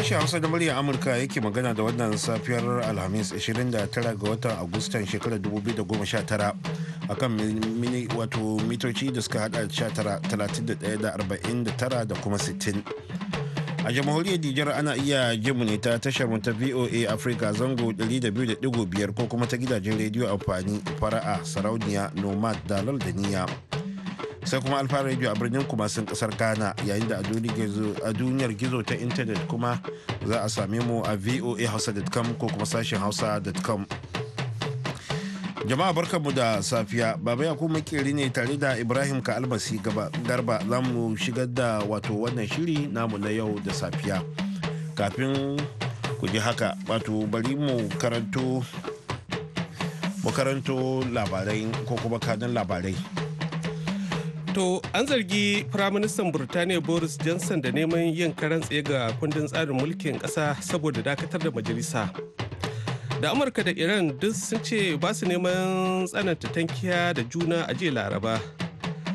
Sashen Hausa da murya Amurka yake magana da wannan safiyar Alhamis 29 ga watan Agustan shekarar 2019 akan mini wato mitoci da suka hada 19,31,49 da kuma 60. A jamhuriyar Dijar ana iya jimu ne ta tashar ta VOA Africa zango biyar ko kuma ta gidajen rediyo amfani fara'a sarauniya nomad dalal da niyya. sai kuma alfa radio a birnin kuma sun kasar ghana yayin da a duniyar gizo ta intanet kuma za a same mu a voahausa.com ko kuma sashen hausa.com jama'a barkanmu da safiya baba ya makeri ne tare da ibrahim ka gaba garba za mu shigar da wato wannan shiri namu na yau da safiya kafin ku ji haka wato bari mu karanto mu karanto labarai ko kuma kanin labarai To an zargi Firaministan Burtaniya Boris Johnson da neman yin karan tsaye ga kundin tsarin mulkin ƙasa saboda dakatar da majalisa. Da Amurka da Iran duk sun ce ba su neman tsananta tankiya da juna a jiya Laraba.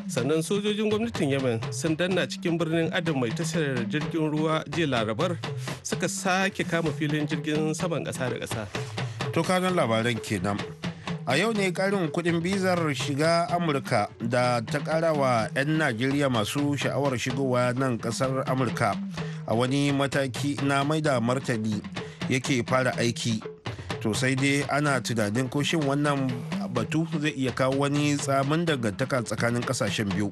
Sannan sojojin gwamnatin Yemen sun danna cikin birnin Adam mai tashar jirgin ruwa jiya Larabar suka sake kama filin jirgin saman ƙasa da ƙasa. To kanan labaran kenan. a yau ne karin kudin bizar shiga amurka da ta kara wa 'yan najeriya masu sha'awar shigowa nan kasar amurka a wani mataki na maida martani yake fara aiki to sai dai ana tunanin ko shin wannan batu zai iya kawo wani tsamin dangantaka tsakanin kasashen biyu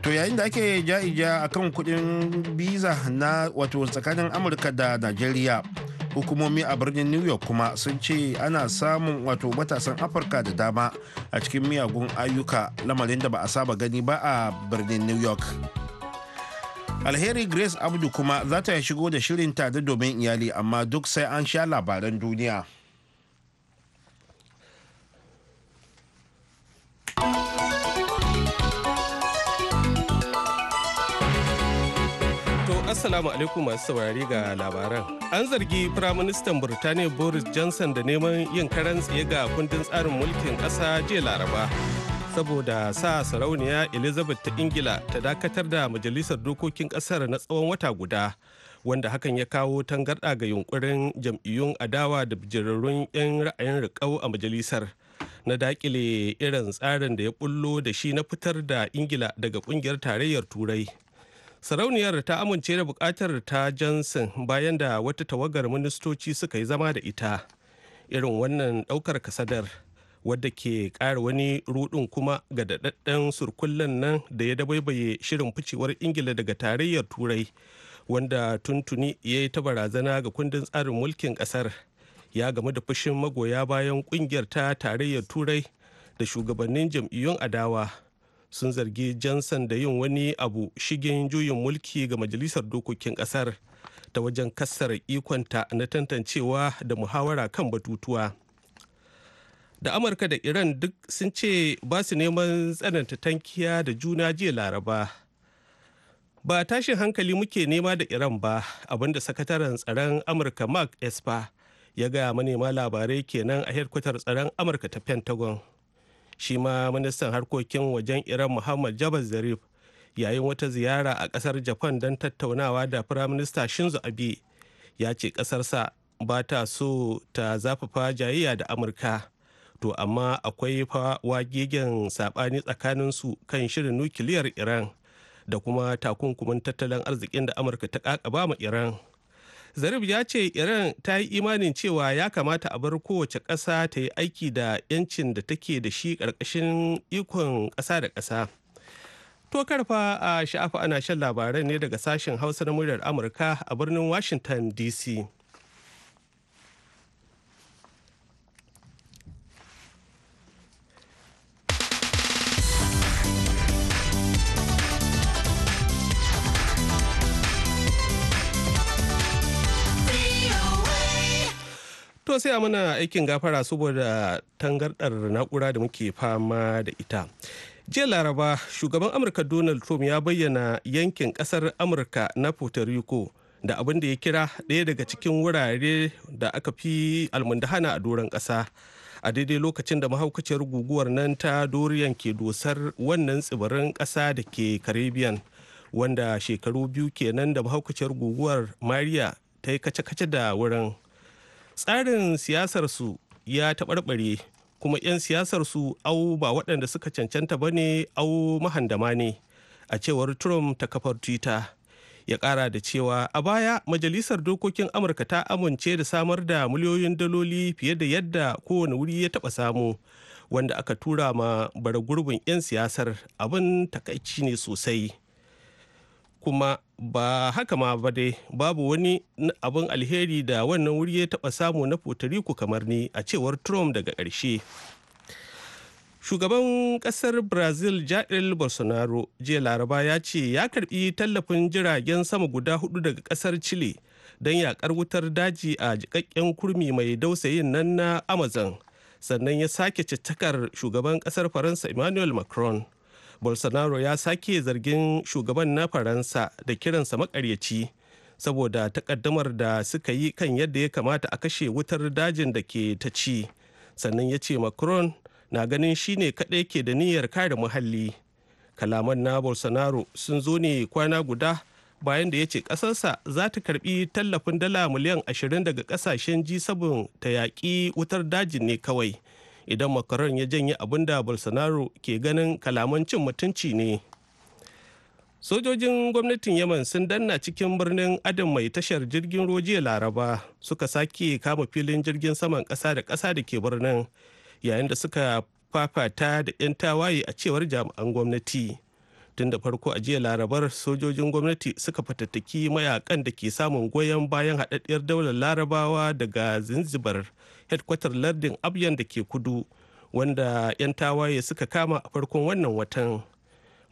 to yayin da ake ja'ija akan kudin biza na wato tsakanin amurka da najeriya hukumomi a birnin new york kuma sun ce ana samun wato matasan afirka da dama a cikin miyagun ayyuka lamarin da ba a saba gani ba a birnin new york alheri grace abdu kuma za ta shigo da shirin tare domin iyali amma duk sai an sha labaran duniya. Assalamu alaikum masu saurari ga labaran. An zargi Firaministan Burtaniya Boris Johnson da neman yin karan tsaye ga kundin tsarin mulkin ƙasa jiya Laraba. Saboda sa sarauniya Elizabeth ta Ingila ta dakatar da Majalisar Dokokin ƙasar na tsawon wata guda, wanda hakan ya kawo tangarɗa ga yunkurin jam'iyyun adawa da bijirarrun 'yan ra'ayin riƙau a majalisar. na dakile irin tsarin da ya bullo da shi na fitar da ingila daga ƙungiyar tarayyar turai sarauniyar ta amince da bukatar ta johnson bayan da wata tawagar ministoci suka yi zama da ita irin wannan daukar kasadar wadda ke ƙara wani rudin kuma ga daɗaɗɗen surkullen nan da ya dabaibaye shirin ficewar ingila daga tarayyar turai wanda tuntuni ya yi ta barazana ga kundin tsarin mulkin ƙasar ya gamu da fushin magoya bayan ƙungiyar ta tarayyar turai da shugabannin jam'iyyun adawa sun zargi Johnson da yin wani abu shigen juyin mulki ga Majalisar Dokokin Ƙasar ta wajen kassar ikonta na tantancewa da muhawara kan batutuwa. Da Amurka da Iran duk sun ce ba su neman tsananta tankiya da juna jiya Laraba. Ba tashin hankali muke nema da Iran ba, abinda sakataren tsaron Amurka Mark Esper ya gaya manema labarai kenan a hedkwatar tsaron Amurka ta Pentagon. shi ma ministan harkokin wajen iran muhammad jabal zarif yayin wata ziyara a kasar japan don tattaunawa da firaminista shinzo abe ya ce kasarsa ba ta so ta zafafa jayayya da amurka to amma akwai fa wagegen sabani su kan shirin nukiliyar iran da kuma takunkumin tattalin arzikin da amurka ta kakaba ma iran zarif ya ce iran ta yi imanin cewa ya kamata a bar kowace ƙasa ta yi aiki da 'yancin da take da shi ƙarƙashin ikon ƙasa da ƙasa to karfa a sha'afa ana shan labaran ne daga sashen hausa na muryar amurka a birnin washington dc kuma sai a mana aikin gafara saboda tangarɗar na'ura da muke fama da ita jiya laraba shugaban amurka donald trump ya bayyana yankin ƙasar amurka na puerto rico da abin da ya kira ɗaya daga cikin wurare da aka fi almundahana a doron ƙasa a daidai lokacin da mahaukaciyar guguwar nan ta doriyan ke dosar wannan tsibirin ƙasa da ke caribbean wanda shekaru biyu kenan da mahaukaciyar guguwar maria ta yi kace-kace da wurin tsarin siyasarsu ya taɓarɓare kuma 'yan siyasarsu au ba waɗanda suka cancanta ba ne au mahandama ne a cewar trump ta kafar twitter ya ƙara da cewa a baya majalisar dokokin amurka ta amince da samar da miliyoyin daloli fiye da yadda kowane wuri ya taɓa samu wanda aka tura ma bara gurbin 'yan siyasar abin takaici ne sosai. kuma ba haka ma ba dai babu wani abin alheri da wannan wuri ya taɓa samu na puerto kamar ni a cewar trump daga ƙarshe shugaban ƙasar brazil jair bolsonaro jiya laraba ya ce ya karbi tallafin jiragen sama guda hudu daga ƙasar chile don yakar wutar daji a jikakken kurmi mai dausayin nan na amazon sannan ya sake cittakar shugaban ƙasar faransa emmanuel macron bolsonaro ya sake zargin shugaban na faransa da kiransa makaryaci saboda takaddamar da suka yi kan yadda ya kamata a kashe wutar dajin da ke ta ci sannan ya ce macron na ganin shine kaɗai ke da niyyar kare muhalli kalaman na bolsonaro sun zo ne kwana guda bayan da ya ce ƙasarsa za ta karbi tallafin dala miliyan 20 daga ƙasashen g7 ta yaƙi wutar dajin ne kawai idan makaron ya janye abin da bolsonaro ke ganin kalaman cin mutunci ne sojojin gwamnatin yaman sun danna cikin birnin adam mai tashar jirgin rojiya laraba suka sake kama filin jirgin saman kasa da kasa da ke birnin yayin da suka fafata da 'yan tawaye a cewar jami'an gwamnati tun da farko a jiya larabar sojojin gwamnati suka fatattaki mayakan da ke samun goyon bayan haɗaɗɗiyar daular larabawa daga zanzibar hedkwatar lardin abyan da ke kudu wanda 'yan tawaye suka kama a farkon wannan watan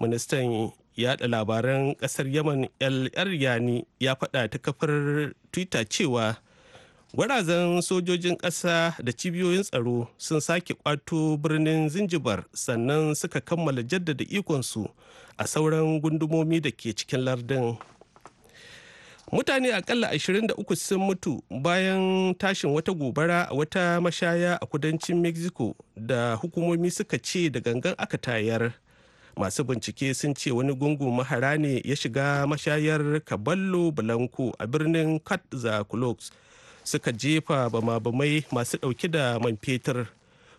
ministan yada labaran kasar yaman el yani ya faɗa ta kafar twitter cewa gwarazan sojojin ƙasa da cibiyoyin tsaro sun sake kwato birnin zinjibar sannan suka kammala jaddada ikonsu a sauran gundumomi da ke cikin lardin mutane akalla 23 sun mutu bayan tashin wata gobara a wata mashaya a kudancin mexico da hukumomi suka ce da gangan aka tayar masu bincike sun ce wani gungun mahara ne ya shiga mashayar caballo blanco a birnin catzaculox suka jefa bama-bamai masu dauke da man fetur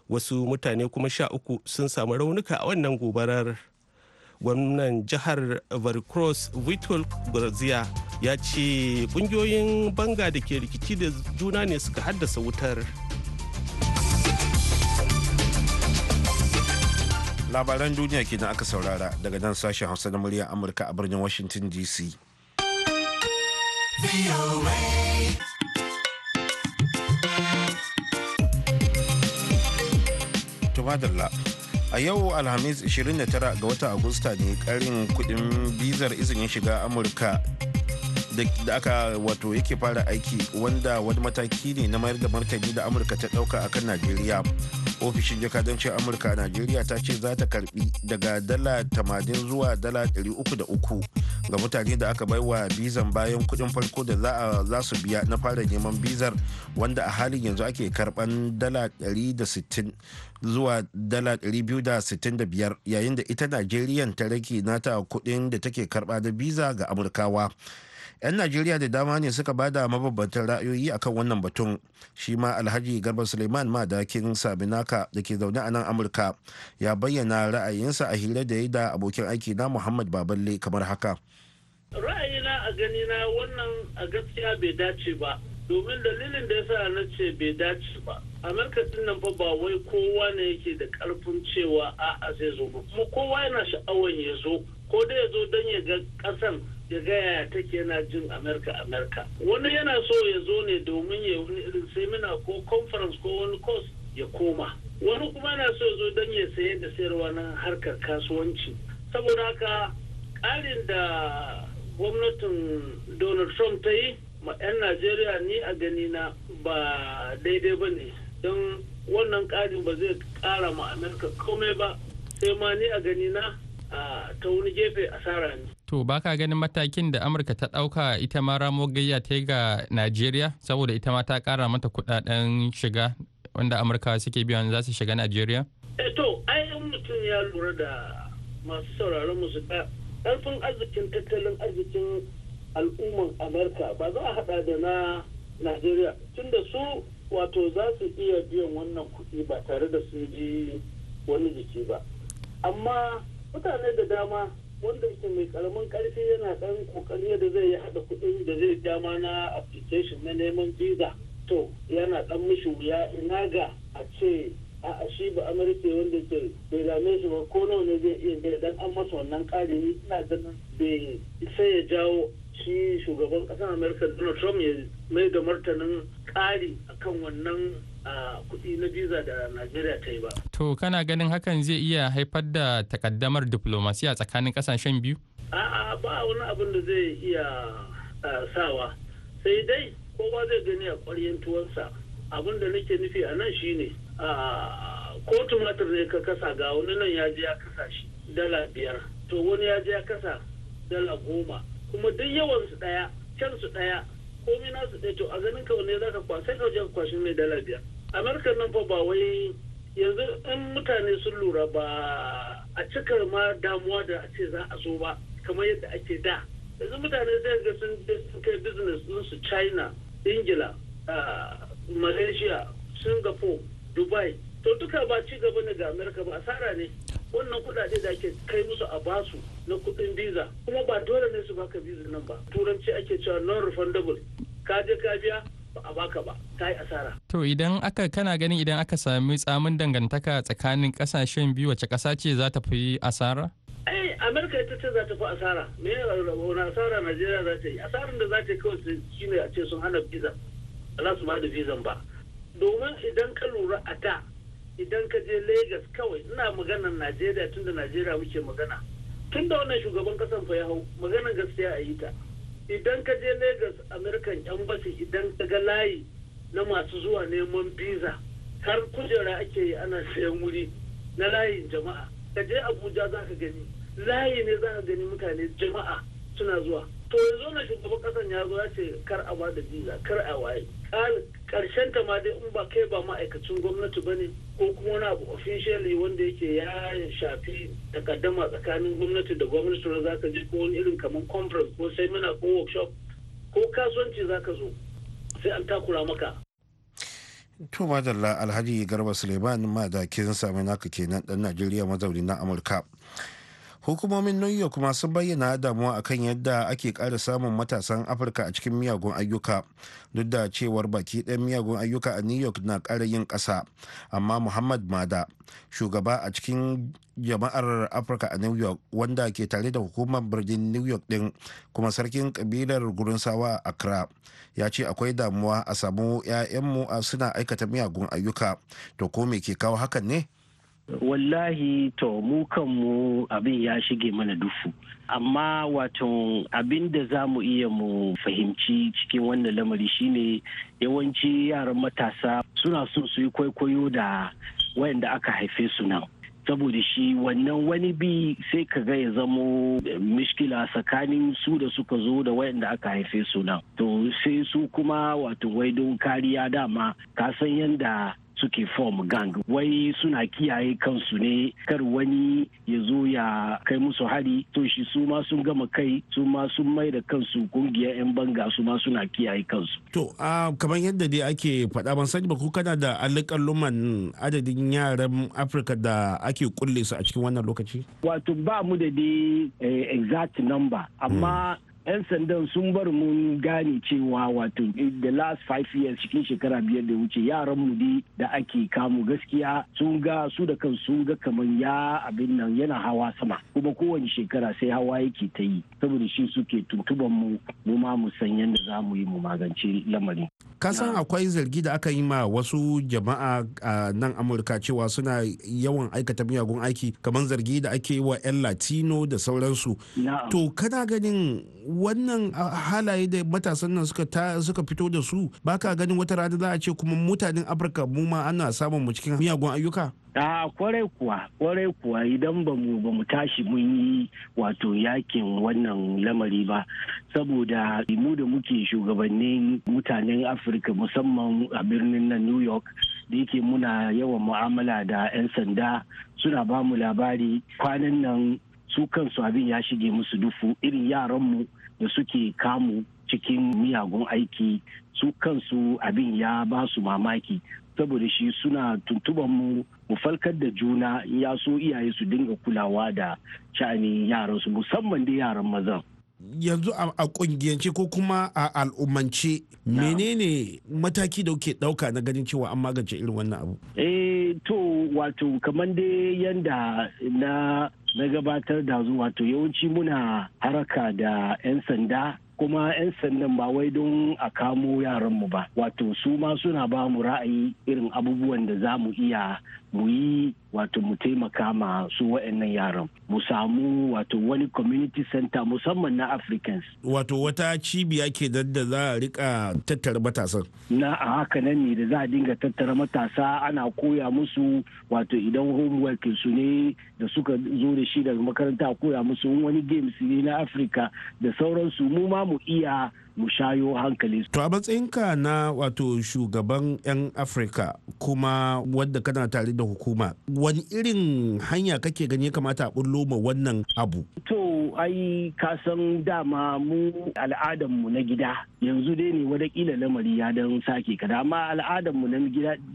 wasu mutane kuma sha uku sun samu raunuka a wannan gobarar. gwamnan jihar varicross vitor brazil ya ce kungiyoyin banga da ke rikici da juna ne suka haddasa wutar labaran duniya kenan aka saurara daga nan sashen hausa na murya amurka a birnin washington dc tumadalla a yau alhamis 29 ga wata agusta ne karin kudin bizar izinin shiga amurka da aka wato yake fara aiki wanda wani mataki ne na mayar da martani da amurka ta dauka akan najeriya ofishin jakadancin amurka a najeriya ta ce za ta karbi daga dala 80 zuwa dala 303 ga mutane da aka baiwa bizan bayan kuɗin farko da za su biya na fara neman bizar wanda a halin yanzu ake karban dala 160 zuwa dala 265 yayin da ita Najeriya ta rage nata kudin da take karɓa da biza ga amurkawa 'yan najeriya da dama ne suka bada mababbatan ra'ayoyi akan wannan batun shi ma alhaji garba suleiman madakin sabinaka da ke zaune a nan amurka ya bayyana ra'ayinsa a hira da ya da abokin aiki na muhammad baballe kamar haka ra'ayina a ganina wannan a gaskiya bai dace ba domin dalilin da yasa na ce bai dace ba amurka din nan fa ba wai kowa ne yake da karfin cewa a zai zo ba kuma kowa yana sha'awar ya zo ko dai ya zo don ya ga kasan ya ga yaya take yana jin amurka amurka wani yana so ya zo ne domin ya wani irin semina ko conference ko wani course ya koma wani kuma yana so ya zo don ya saye da sayarwa na harkar kasuwanci saboda haka ƙarin da gwamnatin donald trump ta yi ma 'yan najeriya ni a gani na ba daidai ba ne don wannan ƙarin ba zai ƙara ma amerika komai ba sai ma ni a gani na ta wani gefe asara ne to ba ka ganin matakin da amurka ta ɗauka ita ma ramo gayya ta ga najeriya saboda ita ma ta ƙara mata kuɗaɗen shiga wanda amurka suke biyan za su shiga najeriya eh, to ai mutum ya lura da masu sauraron musu karfin arzikin tattalin arzikin al'umman amurka ba za a hada da na najeriya tunda su wato za su iya biyan wannan kuɗi ba tare da sun ji wani jiki ba amma mutane da dama wanda ke mai karamin karfi yana ɗan kokari da zai yi hada kuɗi da zai dama na application na neman visa to yana dan mishi wuya ina ga a ce a shi ba amurka wanda ke bai rame shi ba ko nawa ne zai iya dan an masa wannan kari ne ina ganin bai sai ya jawo shi shugaban kasar amurka donald trump ya mai da martanin kari akan wannan kuɗi na visa da nigeria ta yi ba. to kana ganin hakan zai iya haifar da takaddamar diplomasiya tsakanin ƙasashen biyu. a'a ba wani abin da zai iya sawa sai dai kowa zai gani a ƙwaryantuwansa abin da nake nufi a nan shine kotun matar ne ka kasa ga wani nan ya je ya kasa shi dala biyar to wani ya je ya kasa dala goma kuma duk yawan su daya can su daya komi nasu su daya to a ganin ka wanne za ka kwasa ka wajen ka mai dala biyar amurka nan fa ba wai yanzu in mutane sun lura ba a cikar ma damuwa da a ce za a so ba kamar yadda ake da yanzu mutane zai ga sun kai business su china ingila malaysia singapore dubai to duka ba ci gaba ne ga amerika ba asara ne wannan kudade da ake kai musu a basu na kudin visa kuma ba dole ne su baka visa nan ba turanci ake cewa non refundable ka je ka biya ba a baka ba ta yi asara to idan aka kana ganin idan aka sami tsamin dangantaka tsakanin kasashen biyu wace kasa ce za ta fi asara Eh, amerika ita ce za ta fi asara me wani asara najeriya za ta yi asarar da za ta yi kawai shine a ce sun hana visa ba za su ba da visa ba domin idan ka lura a da idan ka je lagos kawai ina maganar Najeriya tunda Najeriya muke magana tun da wannan shugaban kasan fa ya hau maganar gaskiya a yi ta idan ka je lagos American embassy idan ka ga layi na masu zuwa neman visa har kujera ake yi ana sayan wuri na layin jama'a ka je Abuja za ka gani layi ne za ka gani mutane jama'a suna zuwa to yanzu na shugaban kasan ya zo ya ce kar a bada da visa kar a waye karshen ta ma dai in ba kai ba ma'aikacin gwamnati ba ne ko kuma wani abu officially wanda yake ya shafi takaddama tsakanin gwamnati da gwamnati za ka ji ko wani irin kamar conference ko seminar ko workshop ko kasuwanci za ka zo sai an takura maka to madalla alhaji garba suleiman ma da madakin sami naka kenan dan najeriya mazauni na amurka hukumomin new york ma sun bayyana damuwa akan yadda ake kara samun matasan afirka a cikin miyagun ayyuka duk da cewar baki ɗayan miyagun ayyuka a new york na ƙara yin ƙasa amma muhammad mada shugaba a cikin jama'ar afirka a new york wanda ke tare da hukumar birnin new york ɗin kuma sarkin ƙabilar gurin sawa a accra ya ce akwai damuwa a samu 'ya'yanmu suna aikata miyagun ayyuka to ko me ke kawo hakan ne wallahi to mu kanmu abin ya shige mana dufu amma wato abin da za mu iya mu fahimci cikin wannan lamari shine yawanci yaran matasa suna so su yi kwaikwayo da wayanda aka haife su nan saboda shi wannan wani bi sai ka ga ya zamo mishkila tsakanin su da suka zo da wayanda aka haife su nan to sai su kuma wato wai kariya dama ka san yadda suke form gang wai suna kiyaye kansu ne kar wani ya zo ya kai musu hari to shi su ma sun gama kai su ma sun mai da kansu kungiyar 'yan banga su ma suna kiyaye kansu to a kamar yadda dai ake faɗa ban sani ba ko kana da alikan luman adadin yaran afirka da ake kulle su a cikin wannan lokaci wato ba mu da dai eh, exact number amma hmm. 'yan sandan sun bar mun gane cewa wato eh, the last five years cikin shekara biyar da wuce yaran mu dai da ake kamu gaskiya sun ga su da kan sun ga kamar ya abin nan yana hawa sama kuma kowane shekara sai hawa yake ta yi saboda shi suke tuntuban mu mu ma mu san yadda za mu yi mu magance lamarin kasan akwai zargi da aka yi ma wasu jama'a a nan amurka cewa suna yawan aikata miyagun aiki kamar zargi da ake yi wa 'yan latino da sauransu to kana ganin wannan halaye da matasan nan suka fito da su baka ganin wata rana za a ce kuma mutanen afirka mu ma ana samun mu cikin miyagun ayyuka a ah, kwarai kuwa kwarai kuwa idan ba mu ba mu tashi mun yi wato yakin wannan lamari ba saboda mu da muke shugabannin mutanen afirka musamman a birnin na new york da yake muna yawan mu'amala da 'yan sanda suna ba mu labari kwanan nan su kansu abin ya shige musu dufu irin yaranmu da suke kamu cikin miyagun aiki su kansu abin ya ba su mamaki saboda shi suna tuntuban mu mu falkar da juna ya so iyaye su dinga kulawa da yaran yaransu musamman da yaran mazan. yanzu a kungiyance ko kuma a al'ummance menene mataki da kuke dauka na ganin cewa an magance irin wannan abu eh to wato kamar dai yanda na na gabatar da zuwa, wato yawanci muna haraka da 'yan sanda kuma 'yan sandan ba wai don a kamo yaranmu ba wato su ma suna ba mu ra'ayi irin abubuwan da za mu iya mu yi wato mu taimaka ma su wa'annan yaran mu samu wato wani community center musamman na africans wato wata cibiya ke da za a rika tattara matasan na a haka nan ne da za a dinga tattara matasa ana koya musu wato idan homework su ne da suka zo da shi daga makaranta koya musu wani games ne na africa da sauransu mu ma mu iya mu shayo hankali. To a matsayinka na wato shugaban 'yan Afirka kuma wadda kana tare da hukuma wani irin hanya kake gani kamata a bullo ma wannan abu? To ai kasan dama mu al'adanmu na gida yanzu dai ne ƙila lamari ya don sake kada amma al'adanmu na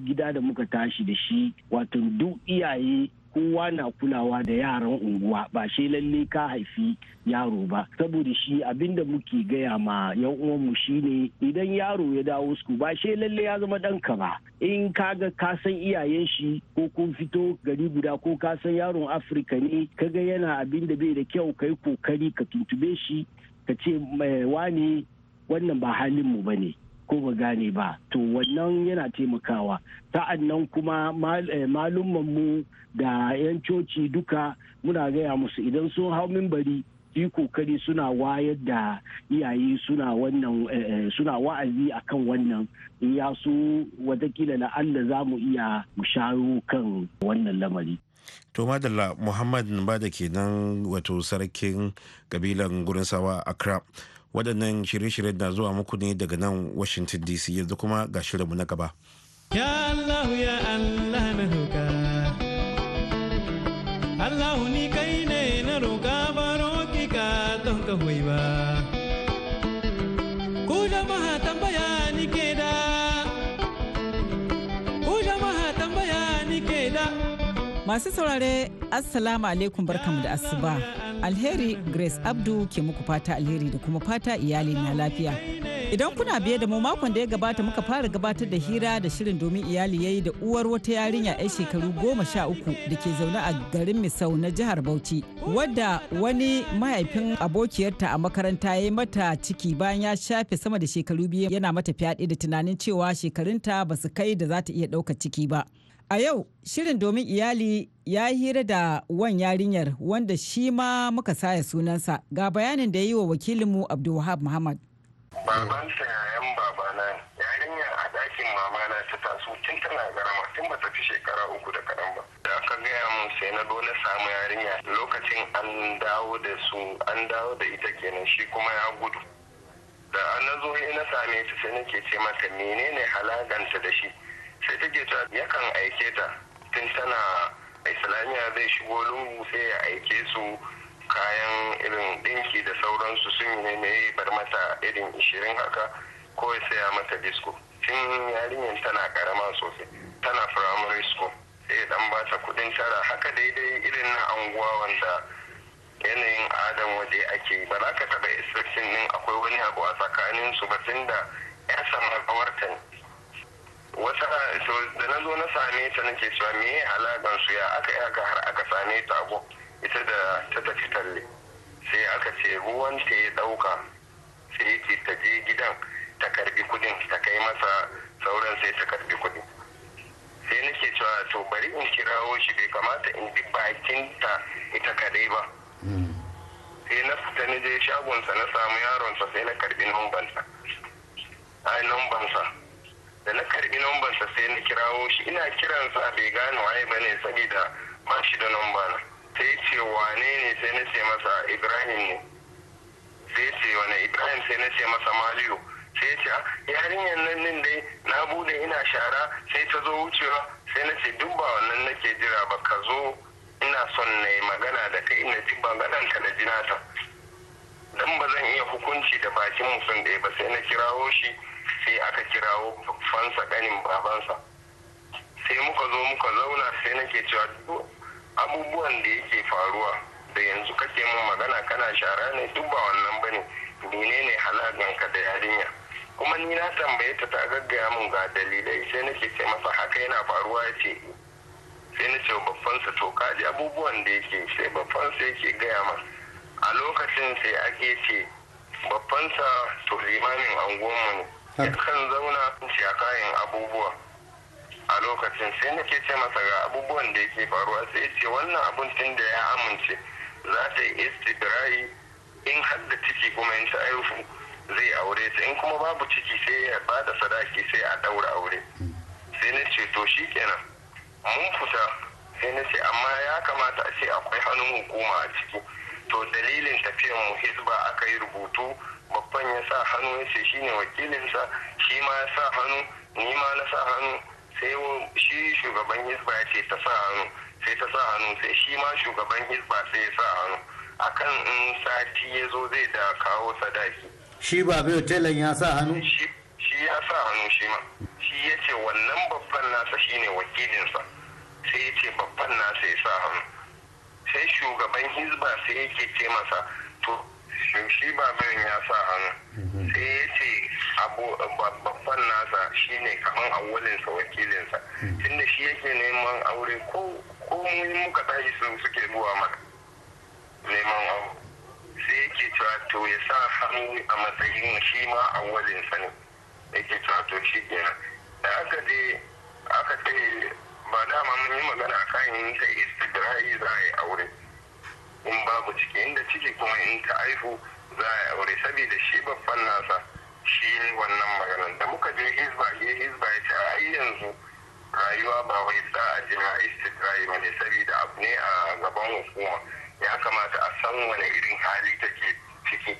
gida da muka tashi da shi wato duk iyaye kowa na kulawa da yaran unguwa ba shi lalle ka haifi yaro ba saboda shi abinda muke gaya ma yan uwanmu shine idan yaro ya dawo su ba shi lalle ya zama danka ba in kaga ka san iyayen shi ko kun fito gari guda ko ka san yaron afirka ne ga yana abin da bai da kyau kai kokari ka tuntube shi ka ce eh, wane wannan ba halin mu bane ko ba gane ba to wannan yana taimakawa ta'annan nan kuma eh, mu da 'yan coci duka muna gaya musu idan sun hau mimbari yi kokari suna wayar da iyaye suna wannan eh, eh, suna wa'azi akan wannan in ya wataƙila watakila Allah za mu iya mu kan wannan lamari to madalla muhammad ba da kenan wato sarkin kabilan gurin sawa accra waɗannan shirye-shiryen na zuwa muku ne daga nan washington dc yanzu kuma ga shirinmu na gaba ya allah ya allah na roka allah ni kai ne na roka baro ki ka don ka ba ku jama'a tambaya ni ke da ku jama'a tambaya ni ke da masu saurare assalamu alaikum barkamu da asuba alheri grace abdu ke muku fata alheri da kuma fata iyali na lafiya idan kuna biye da mu makon da ya gabata muka fara gabatar da hira da shirin domin iyali ya yi da uwar wata yarinya 'yan shekaru goma sha uku da ke zaune a garin misau na jihar bauchi wadda wani mahaifin abokiyarta a makaranta ya yi mata ciki bayan ya shafe sama da shekaru biyu yana mata fyaɗe da tunanin cewa shekarunta ba su kai da za ta iya ɗaukar ciki ba A yau shirin domin iyali ya hira da wan yarinyar wanda shi ma muka saya sunansa ga bayanin da ya yi wa wakilinmu Abdulwahab Muhammad. Babansa yayan babana yarinya a ɗakin mamana ta taso tun tana garama tun ba ta fi shekara uku da kaɗan ba. Da aka gaya mun sai na dole samu yarinya lokacin an dawo da su an dawo da ita kenan shi kuma ya gudu. Da an zo na same ta sai nake ce mata menene halaganta da shi. sai ta ta yakan aike ta tun tana islamiyya zai shigo lungu sai ya aike su kayan irin ɗinki da sauransu sun yi ne bar mata irin ishirin haka ko ya saya mata disko tun yarinyar tana karama sosai tana firamare school sai dan ba ta kudin tara haka daidai irin na anguwa wanda yanayin adam waje ake ba za ka taɓa din akwai wani abu a tsakanin su ba tun da ya samar kawarta ne wata da na zo na same ta nake cewa me ya alaƙan su ya aka yi haka har aka same ta abu ita da ta tafi talle sai aka ce ruwan ta ya ɗauka sai yake ta je gidan ta karbi kudin ta kai masa sauran sai ta karbi kudin sai nake cewa to bari in kirawo shi bai kamata in bi bakin ta ita kadai ba hmm. sai na fita na je shagonsa na samu yaronsa sai na karbi numbansa ai numbansa da na karbi numbansa sai na kirawo shi ina kiransa bai gane waye ba ne saboda ba shi da numba na sai ce wane ne sai na ce masa ibrahim ne sai ce wane ibrahim sai na ce masa maliyu sai ce ah, yarinyar nan din dai na bude ina shara sai ta zo wucewa sai na ce duk ba wannan nake jira ba ka zo ina son na yi magana da kai ina ji magananta da jinata dan ba zan iya hukunci da bakin mutum ɗaya ba sai na kirawo shi sai aka kirawo fansa ganin babansa sai muka zo muka zauna sai nake cewa duk abubuwan da yake faruwa da yanzu kake mun magana kana shara ne duk ba wannan ba ne ne menene ka da yarinya kuma ni na tambaye ta ta gaggaya mun ga dalilai sai nake ce masa haka yana faruwa ya ce sai na ce babbansa to kaji abubuwan da yake sai babbansa yake gaya ma. a lokacin sai ake ce babbansa to limamin anguwanmu ne kan zauna ce a kayan abubuwa a lokacin sai nake ce masa ga abubuwan da yake faruwa sai ce wannan abun tun da ya amince za ta yi istidirai in har ciki kuma in ta aihu zai aure ta in kuma babu ciki sai ya bada sadaki sai a daura aure sai na ce to shi kenan mun fita sai na ce amma ya kamata a ce akwai hannun hukuma a ciki to dalilin tafiyan mu hisba aka yi rubutu babban ya sa hannu ya ce shine wakilinsa shi ma ya sa hannu ni ma na sa hannu sai shi shugaban hisba ya ce ta sa hannu sai ta sa hannu sai shi ma shugaban hisba sai ya sa hannu akan in sati ya zo zai da kawo sadaki shi ba bai telan ya sa hannu shi ya sa hannu shi ma shi ya ce wannan babban nasa shine wakilinsa sai ya ce babban nasa ya sa hannu sai shugaban hisba sai yake ce masa to shin shi ya sa hannu sai ya ce babban nasa shine kaman awwalinsa wakilinsa tunda shi yake neman aure ko muhimmin muka tashi su suke zuwa mana neman aure sai ya ke to ya sa hannu a matsayin shi ma awwalinsa ne ya ke to shi kenan da aka je aka ce ba dama mun yi magana kan yin ta istidra'i za a yi aure in babu ciki inda ciki kuma in ta haihu za a aure saboda shi babban nasa shi ne wannan maganan da muka je hizba ya hizba ya ce a yanzu rayuwa ba wai za a jira istitrai ba ne saboda abu ne a gaban hukuma ya kamata a san wani irin hali take ciki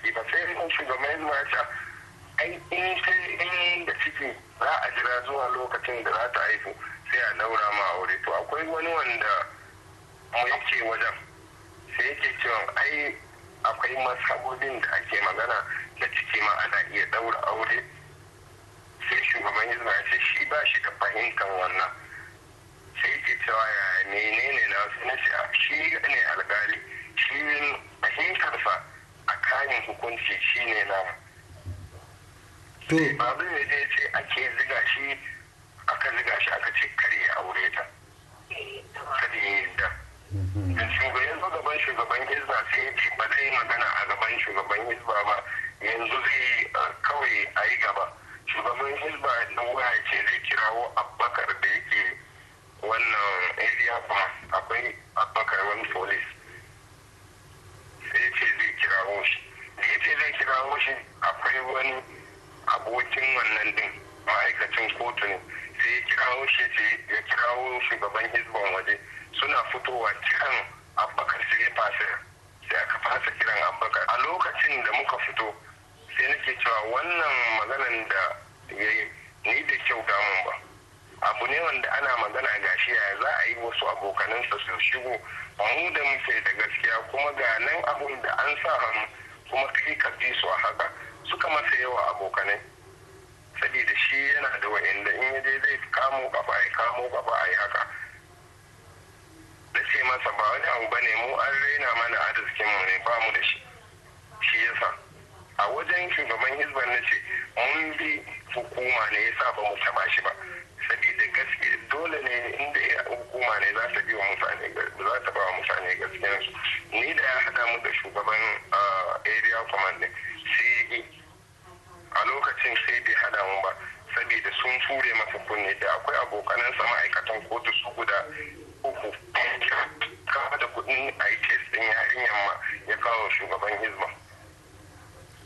ciki ba sai shugaban hizba ta ai in sai in da ciki za a jira zuwa lokacin da za ta haifu sai a daura ma aure to akwai wani wanda mu yake wajen sai yake cewa ai akwai masabobin da ake magana da ciki ma ana iya daura aure sai shugaban hizba ce shi ba shi da fahimtar wannan sai yake cewa ya menene na wasu na ah, shi ne alkali shi fahimtarsa kamun hukunci ne na babu ne zai ce ake ziga shi aka ziga shi aka ce kare aure ta kare ya yi mhm. da shugaban shugaban shugaban hizba sai ya ce ba zai yi magana a gaban shugaban hizba ba yanzu zai kawai a yi gaba shugaban hizba na waya ce zai kirawo abbakar da yake wannan area ba akwai abbakar wani police kawo shugaban hizban waje suna fitowa kiran abubakar sai fasa sai aka fasa kiran abubakar a lokacin da muka fito sai nake cewa wannan maganan da ya yi ni da kyau damun ba abu ne wanda ana magana gashi yaya za a yi wasu abokanansa su shigo mu da muke da gaskiya kuma ga nan abun da an sa hannu kuma kai ka bi su a haka suka masa yawa abokanai saboda shi yana da wa'inda in ya je zai kamo gaba ya kamo gaba a yi haka da ce masa ba wani abu bane mu an raina mana arzikin mu ne ba mu da shi shi yasa a wajen shugaban hizban na ce mun bi hukuma ne yasa ba mu taba shi ba saboda gaske dole ne inda hukuma ne za ta biya mutane za ta ba mutane gaskiyarsu ni da ya hada mu da shugaban ah, area command sun ture masa kunne da akwai abokanansa ma'aikatan kotu su guda uku kawo da kudin a yi test din yarin yamma ya kawo shugaban hizba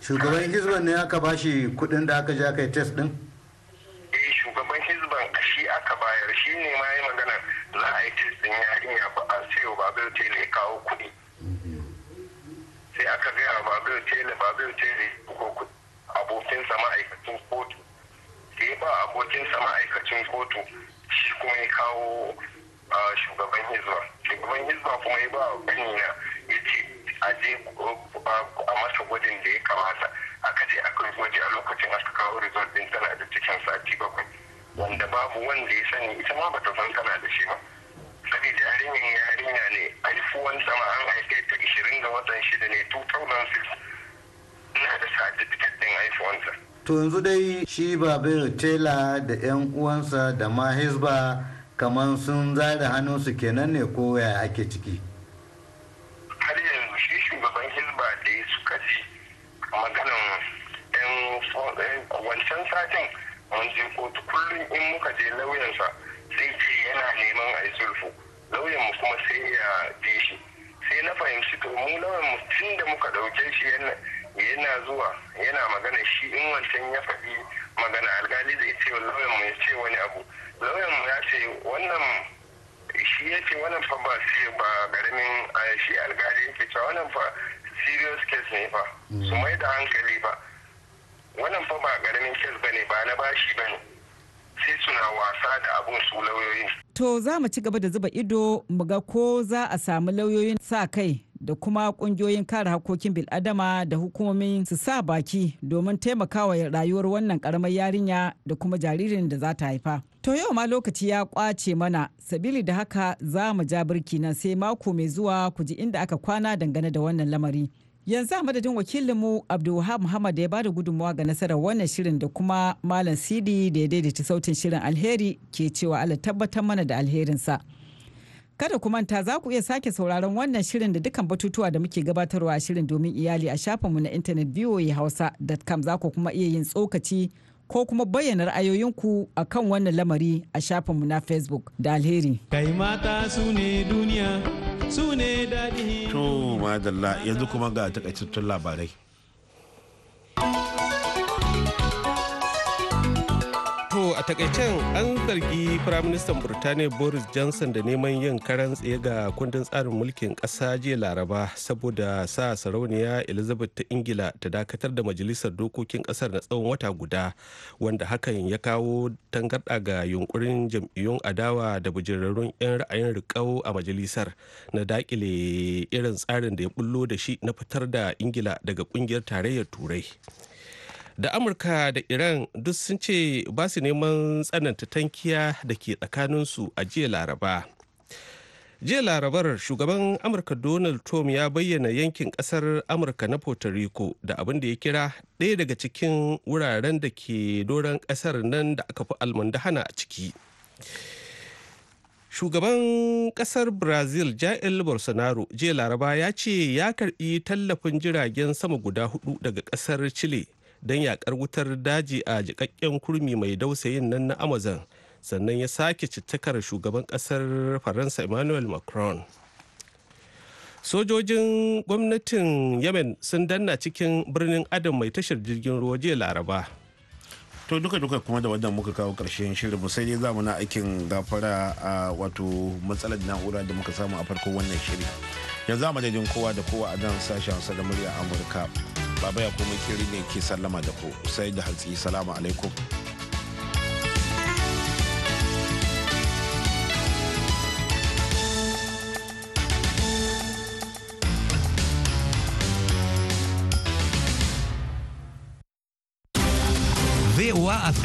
shugaban hizba ne aka bashi kudin da aka je aka yi test din wancan sati bakwai wanda babu wanda ya sani ita ma bata san tana da shi ba saboda yarinyar yarinya ne aifuwan sama an haife ta ishirin ga watan shida ne 2006 ina da certificate din aifuwansa to yanzu dai shi babin tela da yan uwansa da ma hisba kamar sun zare su kenan ne ko ya ake ciki shi yana zuwa yana magana shi in wancan ya faɗi magana alkali zai ce lauyan mu ya ce wani abu lauyan mu ya ce wannan shi ya ce wannan fa ba su ba ƙaramin shi alkali yake cewa wannan fa serious case ne fa mm. su mai da hankali ba wannan fa ba ƙaramin case bane ba na bashi bane sai suna wasa da abun su lauyoyin. To za mu ci gaba da zuba ido mu ga ko za a samu lauyoyin sa kai da kuma kungiyoyin kare hakokin bil'adama da hukumomin su sa baki domin taimakawa rayuwar wannan karamar yarinya da kuma jaririn da za ta haifa. To yau ma lokaci ya kwace mana sabili da haka za mu ja birki nan sai mako mai zuwa ku ji inda aka kwana dangane da wannan lamari. Yanzu a madadin wakilinmu Abdulwahab Muhammad da ya bada gudunmawa ga nasarar wannan shirin da kuma Malam Sidi da ya daidaita sautin shirin alheri ke cewa Allah tabbatar mana da alherinsa. Kada ku manta za ku iya sake sauraron wannan shirin da dukkan batutuwa da muke gabatarwa a shirin domin iyali a shafinmu na intanet voahausa.com za ku kuma iya yin tsokaci ko kuma bayyana ra'ayoyinku a kan wannan lamari a shafinmu na Facebook da alheri. Kai mata su ne duniya su ne daɗi. To, yanzu kuma ga takaitattun labarai. a takaicen an zargi firaministan burtaniya boris johnson da neman yin karan tsaye ga kundin tsarin mulkin kasa jiya laraba saboda sa sarauniya elizabeth ta ingila ta dakatar da majalisar dokokin kasar na tsawon wata guda wanda hakan ya kawo tangarɗa ga yunkurin jam'iyyun adawa da bujirarrun 'yan ra'ayin rikau a majalisar na dakile irin tsarin da ya bullo da shi na fitar da ingila daga ƙungiyar tarayyar turai da amurka da iran duk sun ce ba su neman tsananta tankiya da ke tsakaninsu a jiya laraba jiya larabar shugaban amurka donald trump ya bayyana yankin kasar amurka na puerto rico da abin da ya kira ɗaya daga cikin wuraren da ke doron kasar nan da aka fi hana a ciki shugaban kasar brazil jair bolsonaro jiya laraba ya ce ya karbi tallafin jiragen sama guda hudu daga kasar chile don yakar wutar daji a jikakken kurmi mai dausayin nan na amazon sannan ya sake cittakar shugaban kasar faransa emmanuel macron sojojin gwamnatin yemen sun danna cikin birnin adam mai tashar jirgin ruwa jiya laraba to duka duka kuma da wannan muka kawo karshen shirin mu sai dai za na aikin gafara a wato matsalar na'ura da muka samu a farko wannan shiri yanzu a madadin kowa da kowa a nan sashen da murya amurka baba ya komai kiri ne ke sallama da ku sai da hantsi salamu alaikum VOA Afrique.